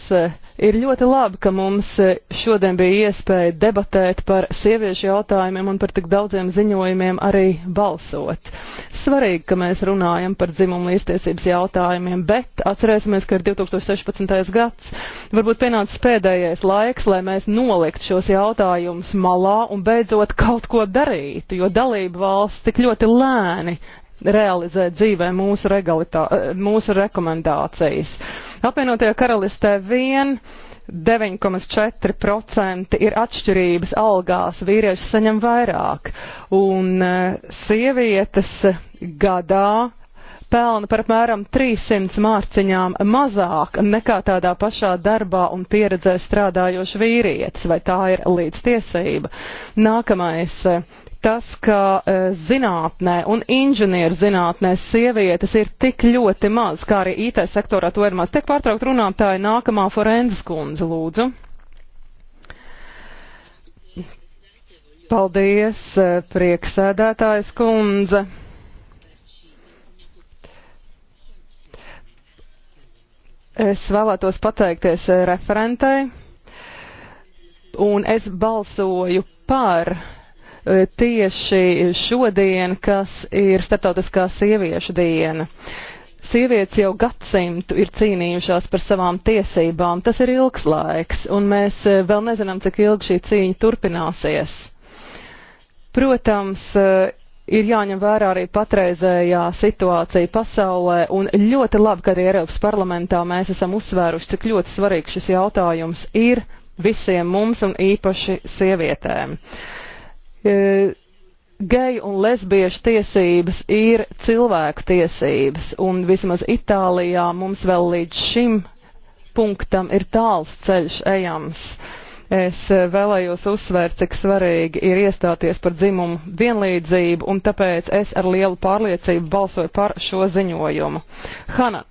Speaker 5: Ir ļoti labi, ka mums e, šodien bija iespēja debatēt par sieviešu jautājumiem un par tik daudziem ziņojumiem arī balsot. Svarīgi, ka mēs runājam par dzimumu līdztiesības jautājumiem, bet atcerēsimies, ka ir 2016. gads. Varbūt pienācis pēdējais laiks, lai mēs nolikt šos jautājumus malā un beidzot kaut ko darītu, jo dalība valsts tik ļoti lēni realizēt dzīvē mūsu, regalitā, e, mūsu rekomendācijas. Apvienotajā karalistē vien 9,4% ir atšķirības algās, vīrieši saņem vairāk, un e, sievietes gadā pelna par apmēram 300 mārciņām mazāk nekā tādā pašā darbā un pieredzē strādājoši vīrietis, vai tā ir līdztiesība. Nākamais e, tas, ka e, zinātnē un inženieru zinātnē sievietes ir tik ļoti maz, kā arī IT sektorā to ir maz. Tiek pārtraukt runātāja nākamā Forenzes kundze, lūdzu. Paldies, e, prieksēdētājs kundze. Es vēlētos pateikties e, referentai, un es balsoju par tieši šodien, kas ir Startautiskā sieviešu diena. Sievietes jau gadsimtu ir cīnījušās par savām tiesībām. Tas ir ilgs laiks, un mēs eh, vēl nezinām, cik ilgi šī cīņa turpināsies. Protams, eh, ir jāņem vērā arī patreizējā situācija pasaulē, un ļoti labi, ka arī Eiropas parlamentā mēs esam uzsvēruši, cik ļoti svarīgs šis jautājums ir visiem mums un īpaši sievietēm. Uh, E, Geju un lesbiešu tiesības ir cilvēku tiesības, un vismaz Itālijā mums vēl līdz šim punktam ir tāls ceļš ejams. Es vēlējos uzsvērt, cik svarīgi ir iestāties par dzimumu vienlīdzību, un tāpēc es ar lielu pārliecību balsoju par šo ziņojumu. Hanna,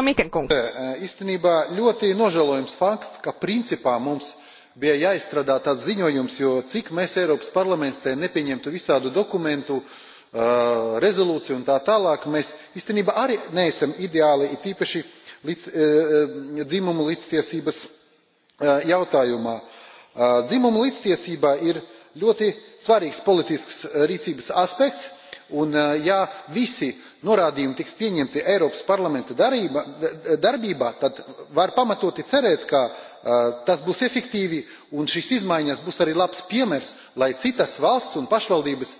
Speaker 4: Mamikenkungs. E, e, īstenībā ļoti nožēlojams fakts, ka principā mums bija jāizstrādā tāds ziņojums jo cik mēs eiropas parlaments te nepieņemtu visādu dokumentu rezolūciju un tā tālāk mēs īstenībā arī neesam ideāli it īpaši dzimumu līdztiesības jautājumā. dzimumu līdztiesība ir ļoti svarīgs politisks rīcības aspekts un ja visi norādījumi tiks pieņemti eiropas parlamenta darība, darbībā tad var pamatoti cerēt ka tas būs efektīvi un šīs izmaiņas būs arī labs piemērs lai citas valsts un pašvaldības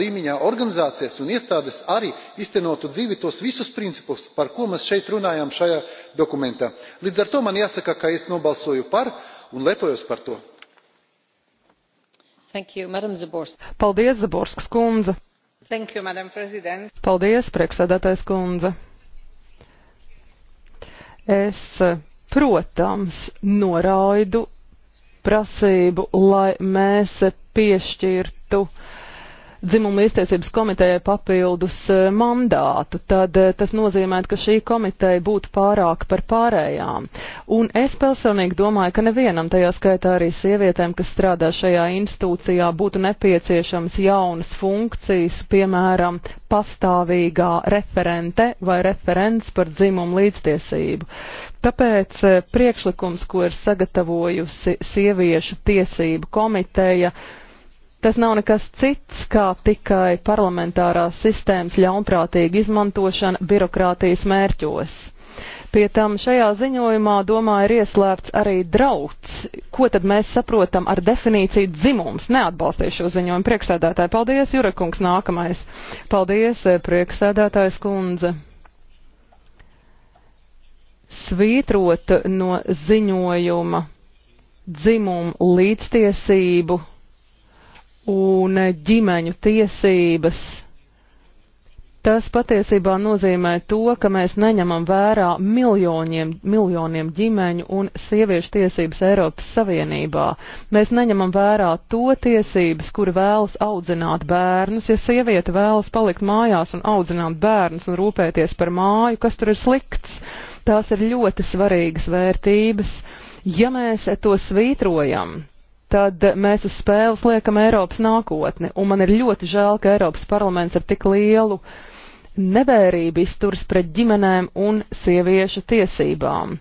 Speaker 4: līmeņa organizācijas un iestādes arī īstenotu dzīvē tos visus principus par ko mēs šeit runājam šajā dokumentā. līdz ar to man jāsaka ka es nobalsoju par un lepojos par to.
Speaker 5: paldies zborsk kundze!
Speaker 1: You,
Speaker 5: Paldies, priekšsēdētājs kundze. Es, protams, noraidu prasību, lai mēs piešķirtu uh, dzimumu iztiesības komitejai papildus e, mandātu, tad e, tas nozīmē, ka šī komiteja būtu pārāk par pārējām. Un es personīgi domāju, ka nevienam, tajā skaitā arī sievietēm, kas strādā šajā institūcijā, būtu nepieciešams jaunas funkcijas, piemēram, pastāvīgā referente vai referents par dzimumu līdztiesību. Tāpēc e, priekšlikums, ko ir sagatavojusi sieviešu tiesību komiteja, Tas nav nekas cits kā tikai parlamentārās sistēmas ļaunprātīga izmantošana birokrātijas mērķos. Pie tam šajā ziņojumā, domāju, ir ieslēpts arī drauds. Ko tad mēs saprotam ar definīciju dzimums? Neatbalstīju šo ziņojumu priekšsēdētāji. Paldies, Jurekungs, nākamais. Paldies, eh, priekšsēdētājs kundze. Svītrot no ziņojuma dzimumu līdztiesību un ģimeņu tiesības. Tas patiesībā nozīmē to, ka mēs neņemam vērā miljoniem, miljoniem ģimeņu un sieviešu tiesības Eiropas Savienībā. Mēs neņemam vērā to tiesības, kuri vēlas audzināt bērnus. Ja sieviete vēlas palikt mājās un audzināt bērnus un rūpēties par māju, kas tur ir slikts? Tās ir ļoti svarīgas vērtības, ja mēs to svītrojam tad mēs uz spēles liekam Eiropas nākotni. Un man ir ļoti žēl, ka Eiropas parlaments ar tik lielu nevērību izturs pret ģimenēm un sieviešu tiesībām.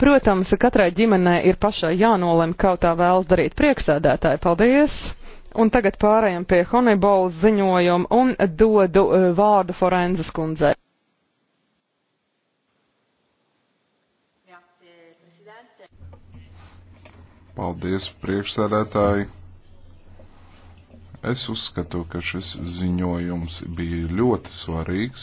Speaker 5: Protams, katrai ģimenei ir pašai jānolem, kā tā vēlas darīt prieksēdētāji. Paldies! Un tagad pārējām pie Honeyballs ziņojuma un dodu eh, vārdu Forenzas kundzei.
Speaker 6: Paldies, priekšsēdētāji. Es uzskatu, ka šis ziņojums bija ļoti svarīgs.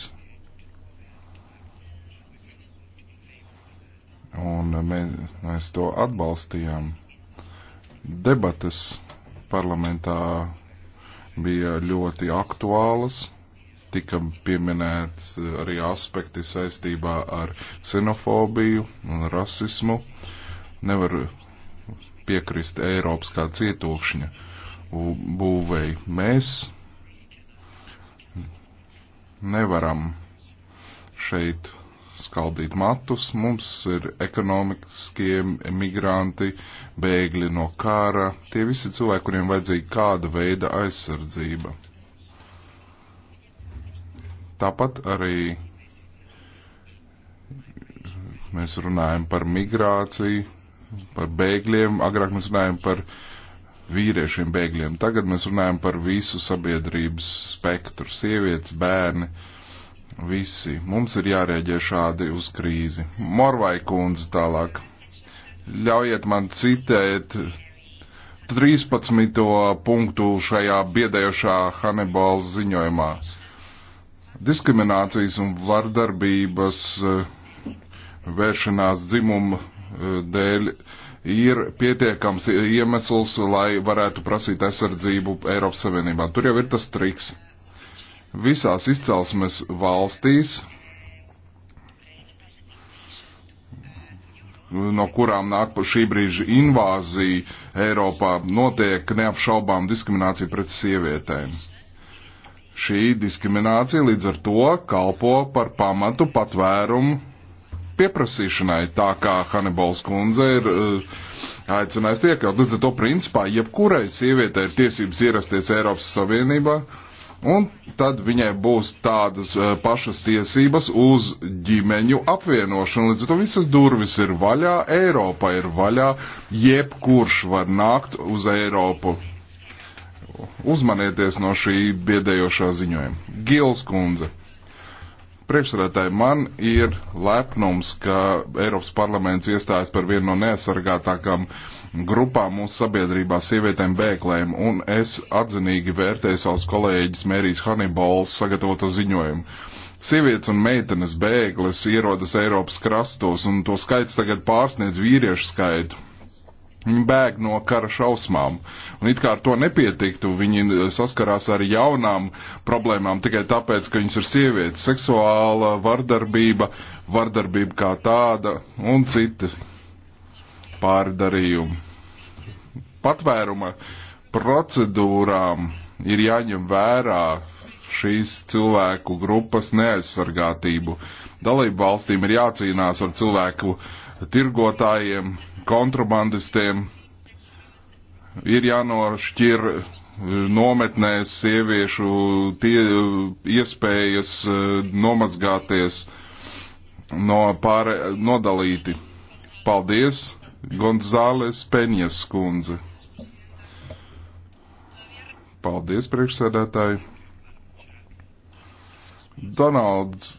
Speaker 6: Un mēs, mēs to atbalstījām. Debates parlamentā bija ļoti aktuālas. Tika pieminēts arī aspekti saistībā ar xenofobiju un rasismu. Nevar piekrist Eiropas kā cietokšņa būvēji. Mēs nevaram šeit skaldīt matus. Mums ir ekonomiskie migranti, bēgļi no kara. Tie visi cilvēki, kuriem vajadzīga kāda veida aizsardzība. Tāpat arī mēs runājam par migrāciju, par bēgļiem, agrāk mēs runājam par vīriešiem bēgļiem, tagad mēs runājam par visu sabiedrības spektru - sievietes, bērni, visi. Mums ir jārēģē šādi uz krīzi. Morvai kundze tālāk. Ļaujiet man citēt 13. punktu šajā biedējošā Hannibals ziņojumā. Diskriminācijas un vardarbības eh, vēršanās dzimumu dēļ ir pietiekams iemesls, lai varētu prasīt aizsardzību Eiropas Savienībā. Tur jau ir tas triks. Visās izcelsmes valstīs, no kurām nāk šī brīža invāzija Eiropā, notiek neapšaubām diskriminācija pret sievietēm. Šī diskriminācija līdz ar to kalpo par pamatu patvērumu pieprasīšanai, tā kā Hannibals kundze ir uh, aicinājusi iekļaut. Līdz ar to principā jebkurai sievietei ir tiesības ierasties Eiropas Savienībā, un tad viņai būs tādas uh, pašas tiesības uz ģimeņu apvienošanu. Līdz ar to visas durvis ir vaļā, Eiropa ir vaļā, jebkurš var nākt uz Eiropu. Uzmanieties no šī biedējošā ziņojuma. Gils kundze. Priekšsēdētāji, man ir lepnums, ka Eiropas parlaments iestājas par vienu no neaizsargātākām grupām mūsu sabiedrībā sievietēm bēglēm, un es atzinīgi vērtēju savus kolēģis Mērijas Hanibols sagatavoto ziņojumu. Sievietes un meitenes bēgles ierodas Eiropas krastos, un to skaits tagad pārsniedz vīriešu skaitu. Viņi bēg no kara šausmām. Un it kā ar to nepietiktu, viņi saskarās ar jaunām problēmām tikai tāpēc, ka viņas ir sievietes. Seksuāla vardarbība, vardarbība kā tāda un citi pārdarījumi. Patvēruma procedūrām ir jāņem vērā šīs cilvēku grupas neaizsargātību. Dalību valstīm ir jācīnās ar cilvēku tirgotājiem, kontrabandistiem ir jānošķir eh, nometnēs sieviešu tie, eh, iespējas eh, nomazgāties no pārē, nodalīti. Paldies, Gonzāles Peņas kundze. Paldies, priekšsēdētāji. Donalds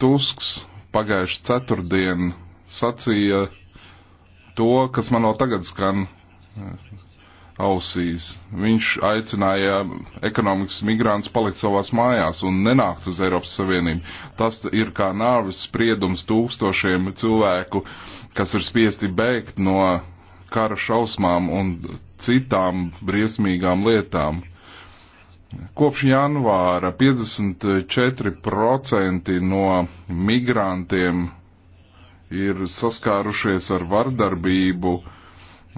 Speaker 6: Tusks pagājuši ceturtdien sacīja to, kas man jau tagad skan eh, ausīs. Viņš aicināja ekonomikas migrants palikt savās mājās un nenākt uz Eiropas Savienību. Tas ir kā nāves spriedums tūkstošiem cilvēku, kas ir spiesti bēgt no kara šausmām un citām briesmīgām lietām. Kopš janvāra 54% no migrantiem ir saskārušies ar vardarbību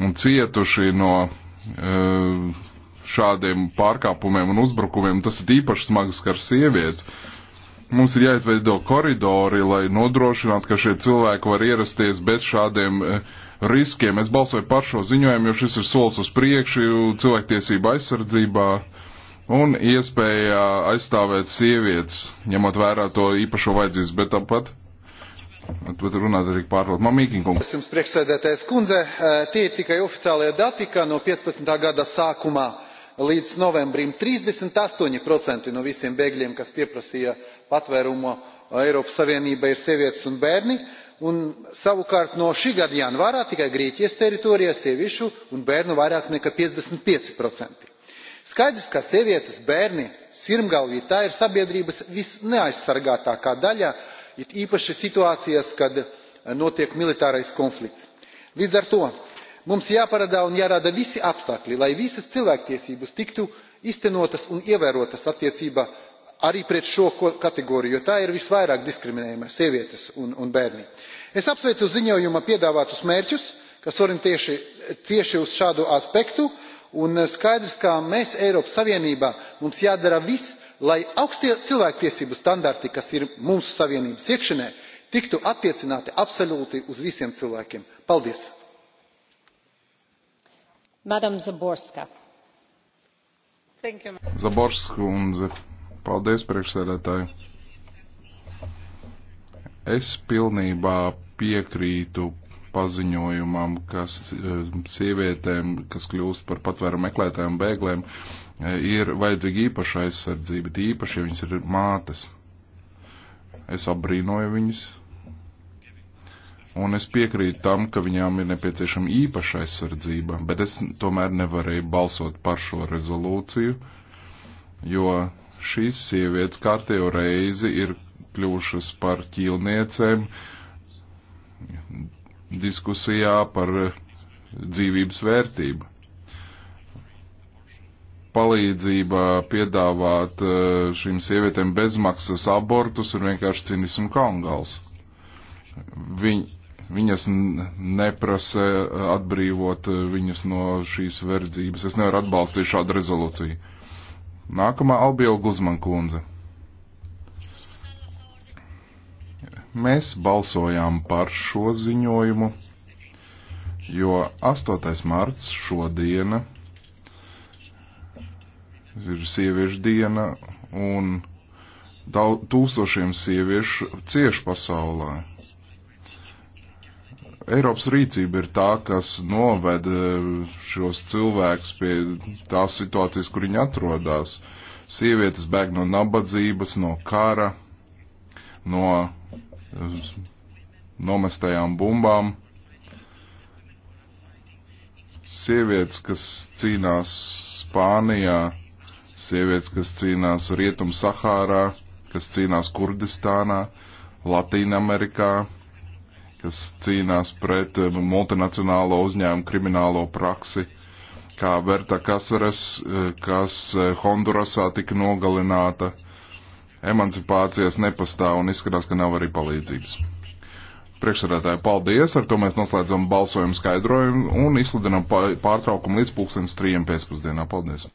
Speaker 6: un cietuši no e, šādiem pārkāpumiem un uzbrukumiem. Tas ir īpaši smags kā sievietes. Mums ir jāizveido koridori, lai nodrošinātu, ka šie cilvēki var ierasties bez šādiem e, riskiem. Es balsoju par šo ziņojumu, jo šis ir solis uz priekšu cilvēktiesību aizsardzībā un iespēja aizstāvēt sievietes, ņemot vērā to īpašo vajadzības, bet tāpat Bet runāt arī pārlūk. Mamīkiņ, kungs. Es jums
Speaker 4: priekšsēdētājs kundze, tie ir tikai oficiālie dati, ka no 15. gada sākumā līdz novembrim trīsdesmit astoņi no visiem bēgļiem kas pieprasīja patvērumu eiropas savienībā ir sievietes un bērni un savukārt no šī gada janvāra tikai grieķijas teritorijā sieviešu un bērnu vairāk nekā. piecdesmit pieci skaidrs ka sievietes bērni sirmgalvji tā ir sabiedrības visneaizsargātākā daļa it īpaši situācijās kad eh, notiek militārais konflikts. līdz ar to mums jāparādā un jārada visi apstākļi lai visas cilvēktiesības tiktu īstenotas un ievērotas attiecībā arī pret šo kategoriju jo tā ir visvairāk diskriminējama sievietes un, un bērni. es apsveicu ziņojuma piedāvātus mērķus kas orientēti tieši uz šādu aspektu un eh, skaidrs ka mēs eiropas savienībā mums jādara viss lai augstie cilvēktiesību standarti kas ir mūsu savienības iekšienē tiktu attiecināti absolūti uz visiem cilvēkiem. paldies!
Speaker 6: zaborskas kundze paldies priekšsēdētāji. es pilnībā piekrītu paziņojumam, kas eh, sievietēm, kas kļūst par patvēru meklētājiem bēgliem, ir vajadzīga īpaša aizsardzība, īpaši, ja viņas ir mātes. Es apbrīnoju viņus, un es piekrītu tam, ka viņām ir nepieciešama īpaša aizsardzība, bet es tomēr nevarēju balsot par šo rezolūciju, jo šīs sievietes kārtējo reizi ir kļuvušas par ķīlniecēm diskusijā par dzīvības vērtību palīdzība piedāvāt e, šīm sievietēm bezmaksas abortus ir vienkārši cinismu kalngals. Viņ, viņas neprasa e, atbrīvot e, viņas no šīs verdzības. Es nevaru atbalstīt šādu rezolūciju. Nākamā Albiela Guzman kundze. Mēs balsojām par šo ziņojumu, jo 8. marts šodiena ir sieviešu diena un daudz, tūkstošiem sieviešu cieš pasaulē. Eiropas rīcība ir tā, kas noved e, šos cilvēkus pie tās situācijas, kur viņi atrodas. Sievietes bēg no nabadzības, no kara, no e, nomestajām bumbām. Sievietes, kas cīnās Spānijā, sievietes, kas cīnās Rietum Sahārā, kas cīnās Kurdistānā, Latīna Amerikā, kas cīnās pret eh, multinacionālo uzņēmumu kriminālo praksi, kā Verta Kasares, eh, kas eh, Hondurasā tika nogalināta. Emancipācijas nepastāv un izskatās, ka nav arī palīdzības. Priekšsēdētāji, paldies! Ar to mēs noslēdzam balsojumu skaidrojumu un izsludinām pārtraukumu līdz pulkstens trījiem pēcpusdienā. Paldies!